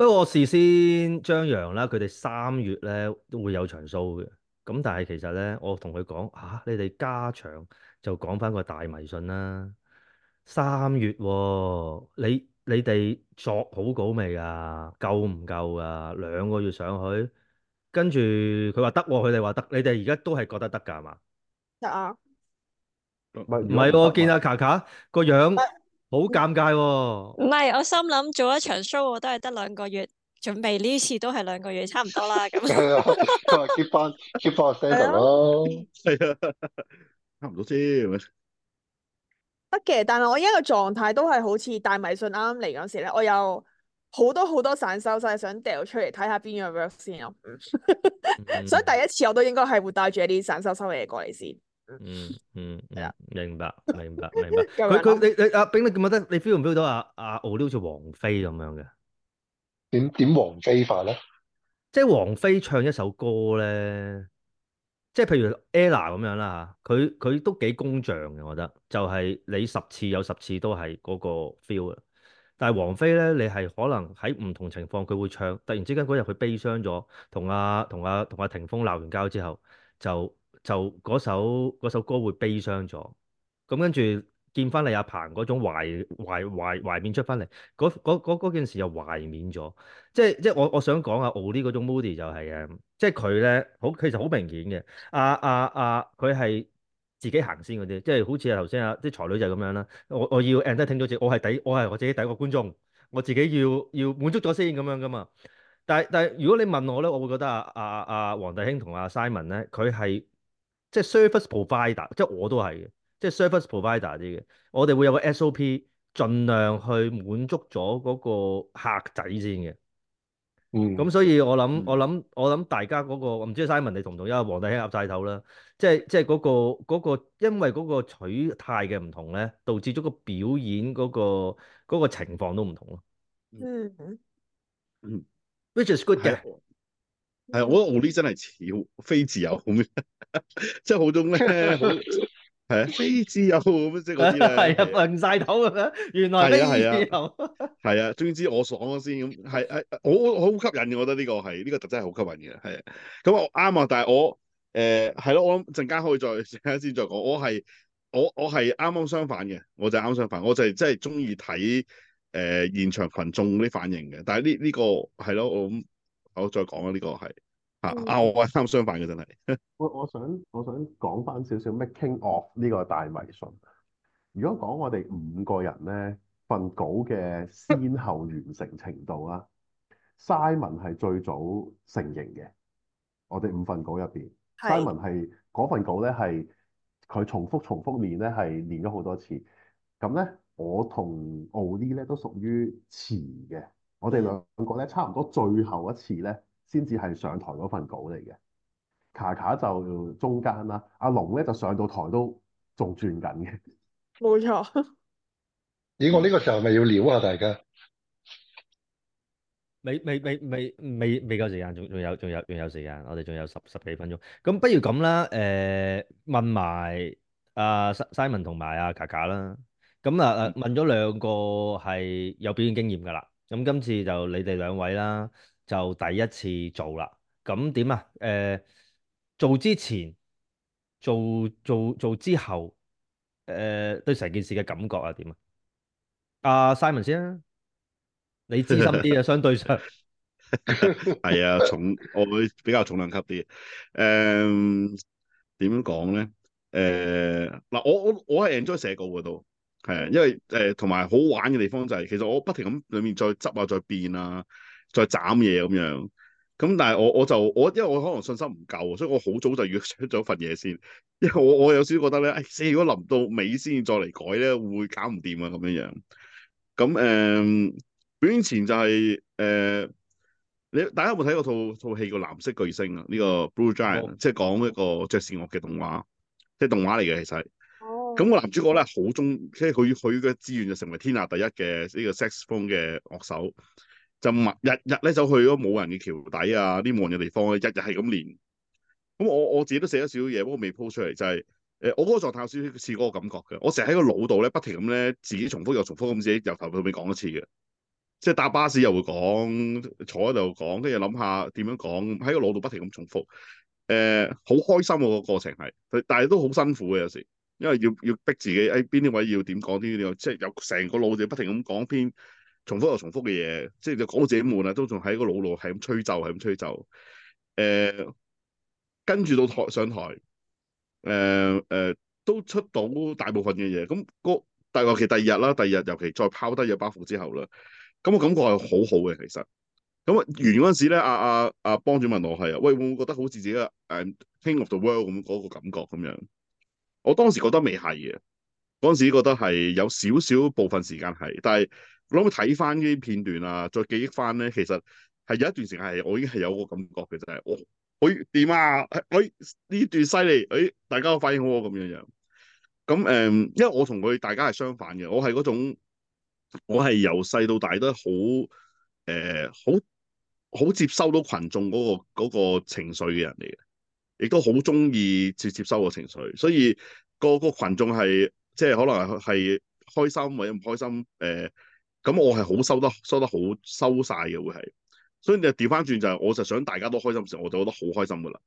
不過我事先張揚啦，佢哋三月咧都會有場 show 嘅。咁但係其實咧，我同佢講吓，你哋加長就講返個大迷信啦。三月你你哋作好稿未啊？夠唔夠啊？兩個月上去，跟住佢話得，佢哋話得，你哋而家都係覺得得㗎係嘛？得啊。唔係喎，我見阿卡卡個樣。好尷尬喎、啊！唔係，我心諗做一場 show 我都係得兩個月準備，呢次都係兩個月，差唔多啦。咁 keep keep 翻個 schedule 咯。差唔多先。得嘅，但係我依家嘅狀態都係好似大迷信啱啱嚟嗰時咧，我有好多好多散收，晒，想掉出嚟睇下邊樣 work 先。所以第一次我都應該係會帶住一啲散收收嘅嘢過嚟先。嗯嗯，係、嗯、啊，明白明白明白。佢佢你你阿炳，你覺得你 feel 唔 feel 到阿阿敖啲好似王菲咁樣嘅？點點王菲法咧？即係王菲唱一首歌咧，即係譬如 Ella 咁樣啦吓，佢佢都幾工匠嘅，我覺得就係、是、你十次有十次都係嗰個 feel。但係王菲咧，你係可能喺唔同情況，佢會唱，突然之間嗰日佢悲傷咗，同阿同阿同阿霆鋒鬧完交之後就。就嗰首嗰首歌會悲傷咗，咁跟住見翻嚟阿彭嗰種懷懷懷懷緬出翻嚟，嗰件事又懷緬咗，即係即係我我想講啊 Ollie 嗰種 moody 就係、是、啊，即係佢咧好其實好明顯嘅，阿阿阿佢係自己行先嗰啲，即係好似啊頭先啊啲才女就係咁樣啦，我我要 end 得聽到自己，我係第我係我自己第一個觀眾，我自己要要滿足咗先咁樣噶嘛，但係但係如果你問我咧，我會覺得阿阿阿黃弟兄同阿 Simon 咧，佢、啊、係。啊。即係 service provider，即係我都係嘅，即係 service provider 啲嘅。我哋會有個 SOP，盡量去滿足咗嗰個客仔先嘅。嗯，咁所以我諗、嗯，我諗，我諗大家嗰個我唔知 Simon 你同唔同意？因為黃大興鴨晒頭啦，即係即係嗰、嗰個、嗰個，因為嗰個取態嘅唔同咧，導致咗個表演嗰、嗰個、嗰個情況都唔同咯。嗯嗯嗯，which is good. 嘅。係，我覺得 Oly 真係似非自由咁，即係好中咩？係啊，非自由咁，即係嗰啲咧，係啊，甩晒頭咁樣，原來非自由，係啊，終於知我爽咗先咁，係，係好好吸引，我覺得呢個係呢個特質係好吸引嘅，係啊，咁啊啱啊，但係我誒係咯，我陣間可以再陣間先再講，我係我我係啱啱相反嘅，我就係啱啱相反，我就係真係中意睇誒現場群眾啲反應嘅，但係呢呢個係咯，我。我再講啦、這個，呢個係嚇啊！我係啱相反嘅，真係。我想我想我想講翻少少 Making Of 呢個大迷信。如果講我哋五個人咧份稿嘅先後完成程度啊 ，Simon 係最早成型嘅。我哋五份稿入邊是，Simon 係嗰份稿咧係佢重複重複練咧係練咗好多次。咁咧，我同 Ody 咧都屬於遲嘅。我哋兩兩個咧，差唔多最後一次咧，先至係上台嗰份稿嚟嘅。卡卡就中間啦，阿龍咧就上到台都仲轉緊嘅。冇錯。咦、欸？我呢個時候咪要撩下大家？未未未未未未夠時間，仲仲有仲有仲有時間，我哋仲有十十幾分鐘。咁不如咁啦，誒、呃、問埋阿、啊、Simon 同埋阿卡卡啦。咁啊誒問咗兩個係有表演經驗噶啦。咁今次就你哋兩位啦，就第一次做啦。咁點啊？誒、呃，做之前，做做做之後，誒、呃，對成件事嘅感覺係點啊？阿、啊、Simon 先啊，你資深啲啊， 相對上係 啊，重，我會比較重量級啲。誒點講咧？誒嗱、嗯，我我我係 enjoy 寫稿嘅都。係啊，因為誒，同、呃、埋好玩嘅地方就係、是，其實我不停咁裏面再執啊，再變啊，再斬嘢咁樣。咁但係我我就我，因為我可能信心唔夠，所以我好早就約出咗份嘢先。因為我我有少少覺得咧，死、哎、如果臨到尾先再嚟改咧，會，會搞唔掂啊咁樣樣。咁誒，表、呃、演前就係、是、誒、呃，你大家有冇睇過套套戲《個藍色巨星》啊？呢個 Blue Giant，即係講一個爵士樂嘅動畫，即係動畫嚟嘅其實。咁個男主角咧好中，即係佢佢嘅志願就成為天下第一嘅呢個 saxophone 嘅樂手，就日日咧走去咗冇人嘅橋底啊，啲冇人嘅地方啊，日日係咁練。咁我我自己都寫咗少少嘢，不過未 po 出嚟就係，誒，我嗰個狀態有少少似嗰個感覺嘅。我成日喺個腦度咧不停咁咧自己重複又重複咁自己由頭到尾講一次嘅，即係搭巴士又會講，坐喺度講，跟住諗下點樣講，喺個腦度不停咁重複。誒、呃，好開心、啊個過程係，但係都好辛苦嘅、啊、有時。因為要要逼自己，哎，邊啲位要點講啲，有即係有成個腦就不停咁講篇重複又重複嘅嘢，即係就講到自己悶啊，都仲喺個腦度，係咁吹奏，係咁吹奏。誒，跟住到台上台，誒、呃、誒、呃，都出到大部分嘅嘢。咁個尤其第二日啦，第二日尤其再拋低咗包袱之後啦，咁我感覺係好好嘅，其實。咁啊完嗰陣時咧，阿阿阿幫主問我係啊，喂，會唔會覺得好似自己誒 King of the World 咁嗰個感覺咁樣？我當時覺得未係嘅，嗰陣時覺得係有少少部分時間係，但係我諗睇翻啲片段啊，再記憶翻咧，其實係有一段時間係我已經係有個感覺嘅，就係、是、我，我、哎、點啊，我、哎、呢段犀利，誒、哎，大家都反應好咁、啊、樣樣。咁誒、嗯，因為我同佢大家係相反嘅，我係嗰種，我係由細到大都好，誒、呃，好好接收到群眾嗰、那個、那個情緒嘅人嚟嘅。亦都好中意接接收個情緒，所以個個群眾係即係可能係開心或者唔開心，誒、呃、咁我係好收得收得好收晒嘅會係，所以你調翻轉就係、就是，我就想大家都開心時候，我就覺得好開心噶啦。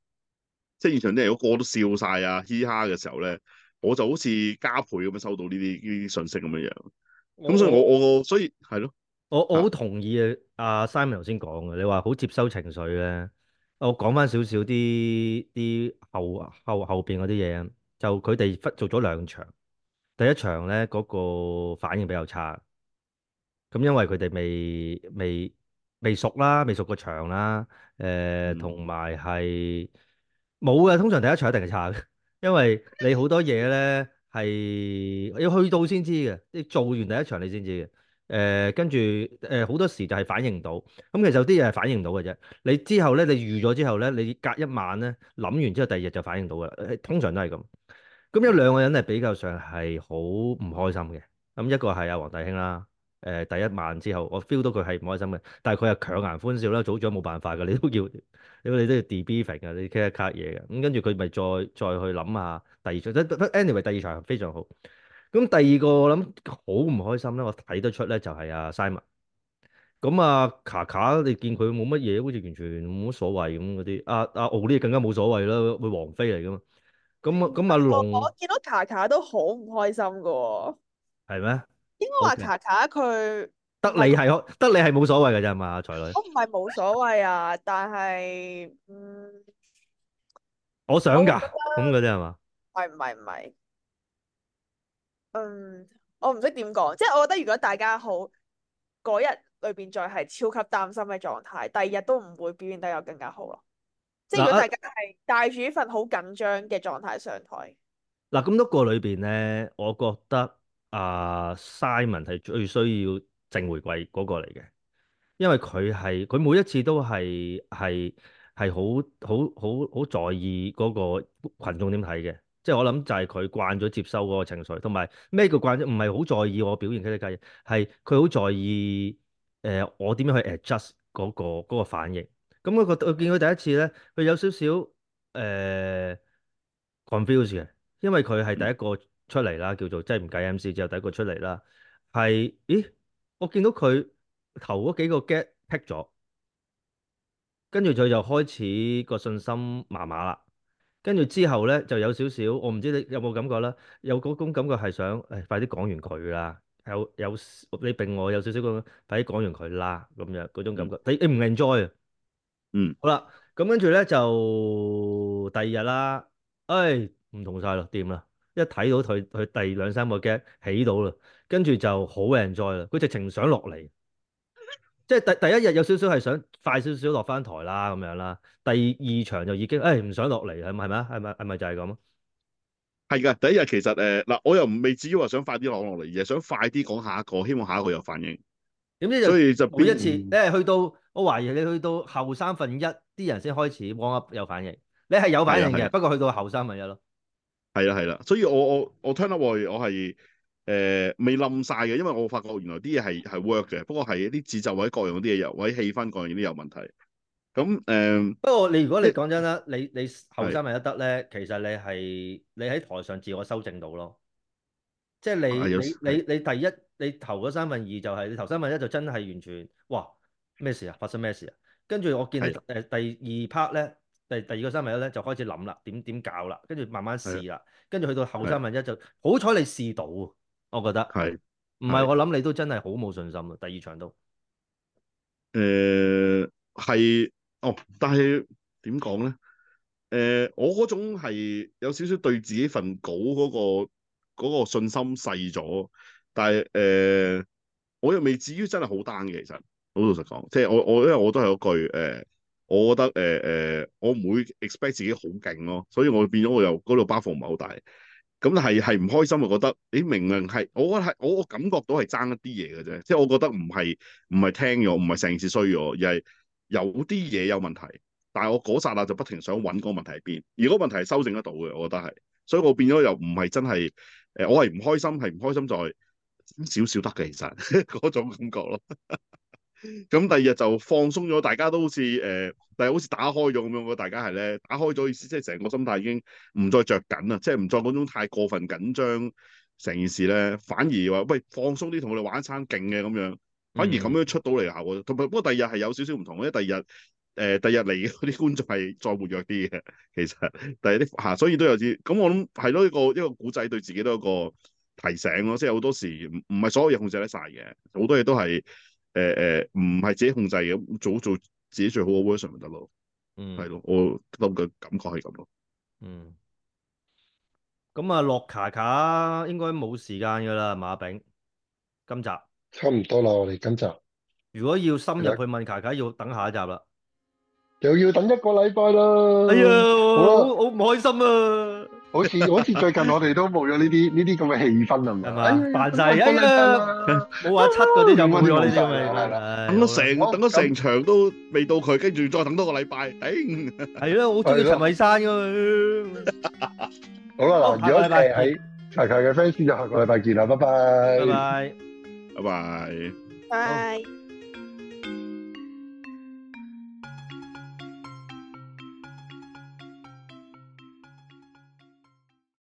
即係現場啲人個個都笑晒啊，嘻哈嘅時候咧，我就好似加倍咁樣收到呢啲呢啲信息咁樣樣。咁所以我我所以係咯，我我好同意啊，阿 Simon 頭先講嘅，你話好接收情緒咧。我講翻少少啲啲後後後邊嗰啲嘢啊，就佢哋忽做咗兩場，第一場咧，嗰個反應比較差，咁因為佢哋未未未熟啦，未熟個場啦，誒同埋係冇嘅。通常第一場一定係差嘅，因為你好多嘢咧係要去到先知嘅，即係做完第一場你先知嘅。誒跟住誒好多時就係反，反應到，咁其實有啲嘢係反應到嘅啫。你之後咧，你預咗之後咧，你隔一晚咧，諗完之後第二日就反應到噶啦。通常都係咁。咁、嗯、有兩個人係比較上係好唔開心嘅。咁、嗯、一個係阿黃大興啦。誒、呃、第一晚之後，我 feel 到佢係唔開心嘅，但係佢係強顏歡笑啦。早咗冇辦法㗎，你都要，因為你都要 debrief 嘅，你 check 一卡嘢嘅。咁跟住佢咪再再去諗下第二場，但 anyway，第二場非常好。咁第二個我諗好唔開心咧，我睇得出咧就係、是、阿 Simon。咁啊卡卡，你見佢冇乜嘢，好似完全冇所謂咁嗰啲，阿、啊、阿、啊、奧呢更加冇所謂啦，佢王妃嚟噶嘛，咁咁阿龍，我見到卡卡都好唔開心噶喎、哦，係咩嗎？應該話卡卡佢 Okay. 她得你係得你係冇所謂噶啫，係嘛，阿才女？我唔係冇所謂啊， 但係，嗯，我想㗎，咁嗰啲係嘛？係唔係唔係？嗯，我唔識點講，即係我覺得如果大家好嗰日裏邊再係超級擔心嘅狀態，第二日都唔會表現得有更加好咯。即係如果大家係帶住一份好緊張嘅狀態上台，嗱、啊，咁多個裏邊咧，我覺得啊 Simon 係最需要正回饋嗰個嚟嘅，因為佢係佢每一次都係係係好好好好在意嗰個群眾點睇嘅。即係我諗就係佢慣咗接收嗰個情緒，同埋咩叫慣咗？唔係好在意我表現佢嘅介意，係佢好在意誒我點樣去 adjust 嗰、嗰個嗰個反應。咁我個我見佢第一次咧，佢有少少誒 confused 因為佢係第一個出嚟啦，嗯、叫做即係唔計 MC 之後第一個出嚟啦。係咦，我見到佢頭嗰幾個 get pick 咗，跟住佢又開始個信心麻麻啦。跟住之後咧，就有少少，我唔知你有冇感覺啦，有嗰種感覺係想，誒，快啲講完佢啦，有有你並我有少少咁樣，快啲講完佢啦，咁樣嗰種感覺，你你唔 enjoy 啊？嗯，哎、嗯好啦，咁跟住咧就第二日啦，誒、哎，唔同晒咯，掂啦？一睇到佢佢第兩三個 gag 起到啦，跟住就好 enjoy 啦，佢直情想落嚟。即係第第一日有少少係想快少少落翻台啦咁樣啦，第二場就已經誒唔、哎、想落嚟係咪？係咪啊？係咪係咪就係咁？係噶，第一日其實誒嗱、呃，我又唔未至於話想快啲落落嚟，而係想快啲講下一個，希望下一個有反應。點知就？嗯嗯、所以就每一次、嗯、你誒去到，我懷疑你去到後三分一啲人先開始往 up 有反應。你係有反應嘅，不過去到後三分一咯。係啦係啦，所以我我我聽得我 up，我係。誒未冧晒嘅，因為我發覺原來啲嘢係係 work 嘅，不過係啲節奏位、各樣啲嘢又或者氣氛各樣啲都有問題。咁誒，不過你如果你講真啦，你你後三分一得咧，其實你係你喺台上自我修正到咯，即係你你你你第一你頭嗰三分二就係你頭三分一就真係完全哇咩事啊？發生咩事啊？跟住我見你誒第二 part 咧，第第二個三分一咧就開始諗啦，點點搞啦，跟住慢慢試啦，跟住去到後三分一就好彩你試到。我覺得係，唔係我諗你都真係好冇信心咯，第二場都。誒係、呃，哦，但係點講咧？誒、呃，我嗰種係有少少對自己份稿嗰、那個那個信心細咗，但係誒、呃，我又未至於真係好 down 嘅。其實老實講，即、就、係、是、我我因為我都係嗰句誒、呃，我覺得誒誒、呃，我唔會 expect 自己好勁咯，所以我變咗我又嗰度包袱唔係好大。咁係係唔開心，我覺得，咦明明係我係我感覺到係爭一啲嘢嘅啫，即係我覺得唔係唔係聽咗，唔係成件事衰咗，而係有啲嘢有問題。但係我嗰剎那就不停想揾嗰個問題喺邊。而嗰個問題係修正得到嘅，我覺得係，所以我變咗又唔係真係，誒我係唔開心，係唔開心再少少得嘅其實嗰 種感覺咯。 咁第二日就放鬆咗，大家都好似誒，但、呃、係好似打開咗咁樣，大家係咧打開咗意思，即係成個心態已經唔再着緊啦，即係唔再嗰種太過分緊張。成件事咧反而話喂，放鬆啲，同我哋玩一餐勁嘅咁樣，反而咁樣出到嚟下喎。同埋、嗯、不過第二日係有少少唔同咧、呃，第二日誒，第二日嚟嗰啲觀眾係再活躍啲嘅。其實第二日吓，所以都有啲咁，我諗係咯，一個一個古仔對自己都有一個提醒咯。即係好多時唔唔係所有嘢控制得晒嘅，好多嘢都係。誒誒，唔係、呃呃、自己控制嘅，做做自己最好嘅 version 咪得咯，嗯，係咯，我諗嘅感覺係咁咯，嗯，咁啊，落卡卡應該冇時間噶啦，馬、啊、炳，今集差唔多啦，我哋今集，如果要深入去問卡卡，要等下一集啦，又要等一個禮拜啦，哎呀呦、啊，好唔開心啊！好似好似最近我哋都冇咗呢啲呢啲咁嘅氣氛啦，係咪？煩曬啊！冇話七嗰啲咁嘅喎，呢啲咪係啦。咁都成，等咗成場都未到佢，跟住再等多個禮拜，頂。係咯，好中意陳偉山噶。好啦，嗱，如果係喺柴柴嘅 fans，就下個禮拜見啦，拜拜。拜拜。拜拜。拜。